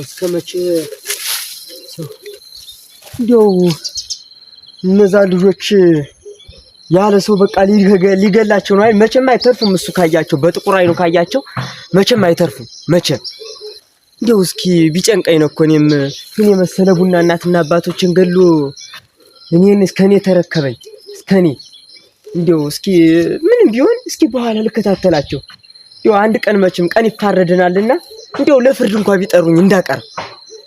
እስከ መቼ እንዲያው እነዛ ልጆች ያለ ሰው በቃ ሊገላቸው ነው። አይ መቼም አይተርፉም። እሱ ካያቸው በጥቁር አይኑ ካያቸው መቼም አይተርፉም። መቼም እንዲያው እስኪ ቢጨንቀኝ ነው እኮ እኔም ግን የመሰለ ቡና እናትና አባቶችን ገሎ እኔን እስከኔ ተረከበኝ እስከኔ እንዲያው እስኪ ምንም ቢሆን እስኪ በኋላ ልከታተላቸው። እንዲያው አንድ ቀን መቼም ቀን ይፋረደናልና እንዲያው ለፍርድ እንኳን ቢጠሩኝ እንዳቀር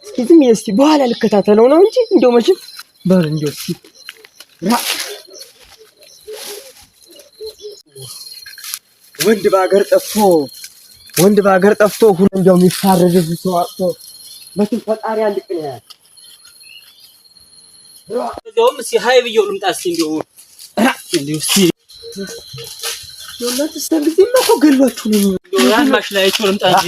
እስኪ ዝም እስኪ በኋላ ልከታተለው ነው እንጂ እንዲያው መቼም በል እንዲያው እስኪ ወንድ በሀገር ጠፍቶ ወንድ በሀገር ጠፍቶ ሁሉ እንዲያው የሚፋረድ ሰው አጥቶ መቼም ፈጣሪ አንድ ቀን ያያል። በዚያውም እስኪ ሀይ ብየው ልምጣ እስኪ እንዲያው እንዲያው እስኪ እናንተ ጊዜ እኮ ገሏችሁ ነው። ራማሽ ላይ አይቼው ልምጣ እንጂ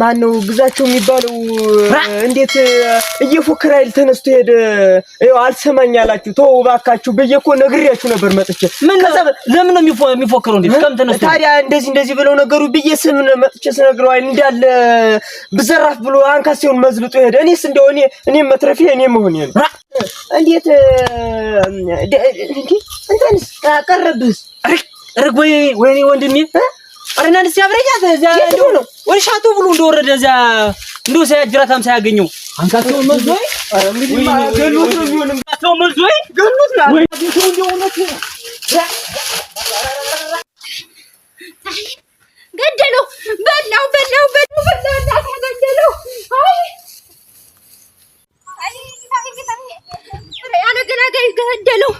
ማን ነው ግዛቸው የሚባለው? እንዴት እየፎከረ ኃይል ተነስቶ ሄደ? ይኸው አልሰማኝ አላችሁ። ተው እባካችሁ ብዬ እኮ ነግሬያችሁ ነበር መጥቼ። ምን ከዛ ለምን ነው የሚፎክረው? እንዴት ከም ተነስቶ ታዲያ እንደዚህ እንደዚህ ብለው ነገሩ ብዬ ስም መጥቼ ስነግረው አይ እንዳለ ብዘራፍ ብሎ አንካሴውን መዝልጦ ሄደ። እኔስ እንደው እኔ እኔም መትረፌ እኔ መሆን ይሄን እንዴት እንትንስ ቀረብህስ? ርግ ወይ ወይኔ ወንድሜ አረና ደስ ያብረጃ ተዛ ነው ወደ ሻቶ ብሎ እንደወረደ እዛ እንደው ሳያጅራታም ሳያገኘው አንካቸው አንካቸው ገደለው። በላው በላው በላው በላው ገደለው።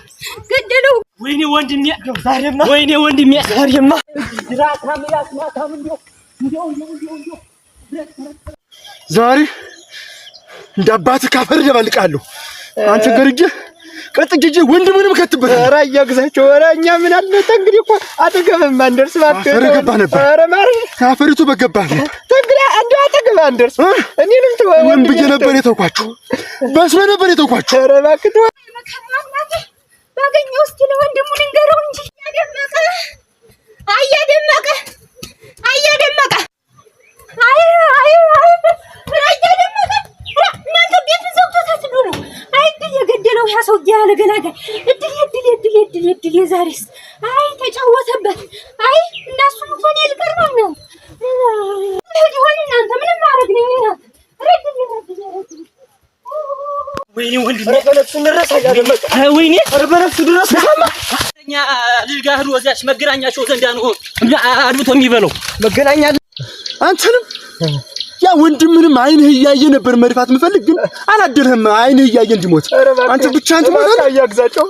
ገደለው ወይኔ ወንድሜ ወይኔ ወንድሜ ዛሬ እንደ አባት ካፈር ደባልቃለሁ። አንተ ገርጄ ቀጥ ጅጅ ወንድ ምንም ከትበት ኧረ እያግዛቸው ኧረ እኛ ምን አለ ተንግዲህ እኮ አጠገብም ማንደርስ እባክህ። ገባ ነበር ኧረ ማር ካፈሪቱ በገባ ነበር ተንግዲህ አንዱ አጠገብ አንደርስ። እኔንም ተወ ወንድም ብዬ ነበር የተውኳችሁ፣ በስመ ነበር የተውኳችሁ። ኧረ እባክህ ተወ ባገኘው እስኪ ለወንድሙ ልንገር ተገላጋይ እድል እድል እድል እድል እድል የዛሬስ አይ ተጫወተበት። አይ እናሱ እንኳን ይልቀር ነው ለዲ እናንተ ምንም ማድረግ ነኝ እና ረድ ረድ ረድ ወይኔ ድረስ ወይኔ በነፍሱ ድረስ መገናኛቸው ዘንዳ ነው አድብቶ የሚበለው አንተንም ያ ወንድምንም አይንህ እያየ ነበር መድፋት የምፈልግ ግን አላደረህም። አይንህ እያየ እንዲሞት አንተ ብቻህን ትሞታለህ። አያግዛቸው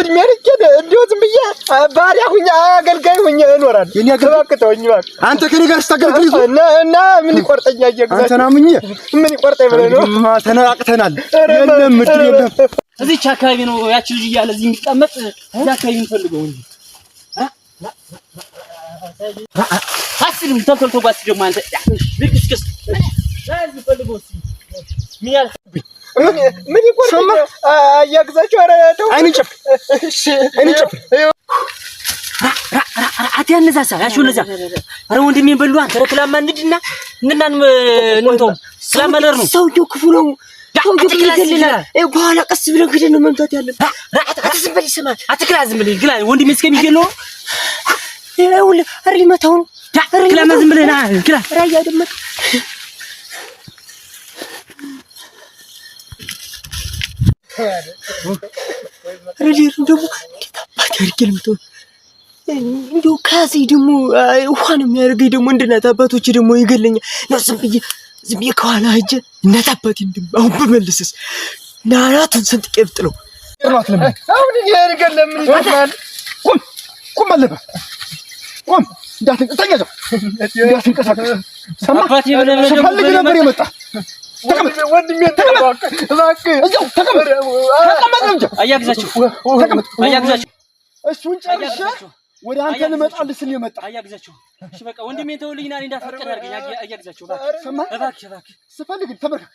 እድሜ ልኬን እንዲሁ ዝም ብዬ ባሪያ ሁኝ አገልጋይ ሁኜ እኖራለሁ። የኔ አገልጋይ አንተ ከኔ ጋር ስታገልግል እና ምን ይቆርጠኛ? አያግዛቸው አንተና ምኜ ምን ይቆርጠኝ ብለህ ነው። ተነቃቅተናል። የለም ምድር የለም። እዚህች አካባቢ ነው ያቺ ልጅ እያለ እዚህ የሚቀመጥ እዚህ አካባቢ የምፈልገው እንጂ አስልም ተልተልቶ ጓስ ደግሞ አንተ ልቅስቅስ ምን ይቆርጥ አያግዛቸው። ኧረ ተው አይኑን ጨፍ አይኑን ጨፍ አት ያነዛ ሳ ያሹ ነዛ አረ ወንድሜ በሉ አንተ ረክላማ እንድና እንናን እንተው ስላመለር ነው ሰውየው ክፉ ነው። ሰውየው ክፉ ይገልላል። በኋላ ቀስ ብለን ግደን ነው መምታት ያለብን። አትክላ ዝም ብለህ ግላ ወንድሜ እስከሚገለው ይኸውልህ እሪ መታው ነው ክላ መዝም ብለህ ና ግላ ራያ ደመቀ ረዲር ደግሞ እንዴት አባት ያርጌል ምቶ እንዲሁ ካሴ ደግሞ ውሃ ነው የሚያደርገኝ። ደግሞ እንደ እናት አባቶች ደግሞ ይገለኛል ነው ዝም ብዬ ዝም ብዬ ከኋላ ሂጅ እናት አባቴ እንድም አሁን በመልስስ ናራቱን ሰንጥቄ ብጥለው ጥሏት ለምን አሁን ይሄ ያርገል ለምን ይሆናል? ቁም ቁም አለበት ቆም እንዳትንቀሳቀስ እንዳትንቀሳቀስ። ስፈልግ ነበር የመጣ እሱን ጨርሼ ወደ አንተ ልመጣልህ ስል የመጣ አያግዛችሁ። እሺ በቃ ወንድሜን ተውልኝና እንዳትፈቀድ አድርገኝ። አያግዛችሁ፣ እባክህ፣ እባክህ፣ እባክህ፣ ስፈልግ ተመልከት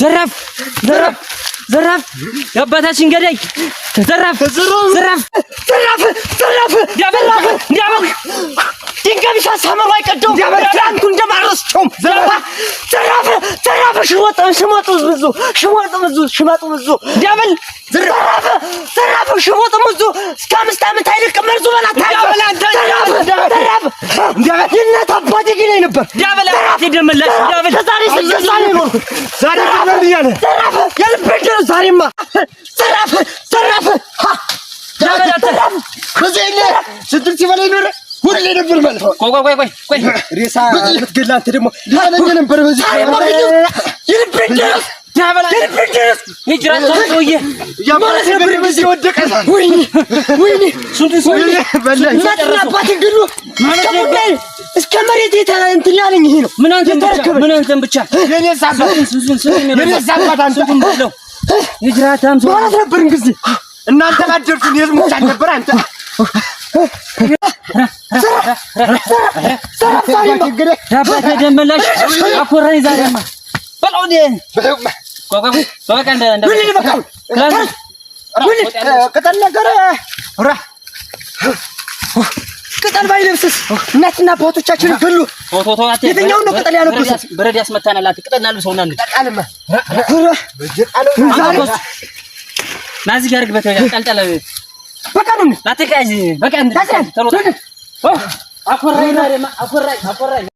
ዘረፍ ዘረፍ ዘረፍ የአባታችን ገዳይ ዘረፍ ዘረፍ ዘረፍ ዘረፍ ያበላህ ያበል ድንጋይ ቢሳሳመሩ አይቀደውም። ትናንቱ እንደማረስቸውም ሽሞጥ ሽሞጥ ብዙ ሽሞጥ ብዙ ሽሞጥ ብዙ ዳብል ዝራፍ ዝራፍ ሽሞጥ ብዙ እስከ አምስት ዓመት አይልቅም። መርዙ በላት ነበር ዛሬማ ዝራፍ ዝራፍ ሁሌ ነበር ማለት ነው። ቆይ ቆይ ቆይ ቆይ ሬሳ ልትገላ አንተ ደግሞ ታነኝ ነበር በዚህ እስከ መሬት እንትን ያለኝ ይሄ ነው። ምን አንተን ብቻ ምን አንተን ብቻ ማለት ነበር እንግዲህ እናንተ አደርኩኝ የዝሙት ነበር አንተ ቅጠል ባይለብስስ እናትና አባቶቻችን ገሉ። የትኛውን ነው ቅጠል ያለበሰው? በረድ ያስመታናል። ቅጠል እናልብሰውና ናዚ ጋር ግበት በቃ ነው በቃ આખો રાઈ આખો રાઈ આખો રાઈ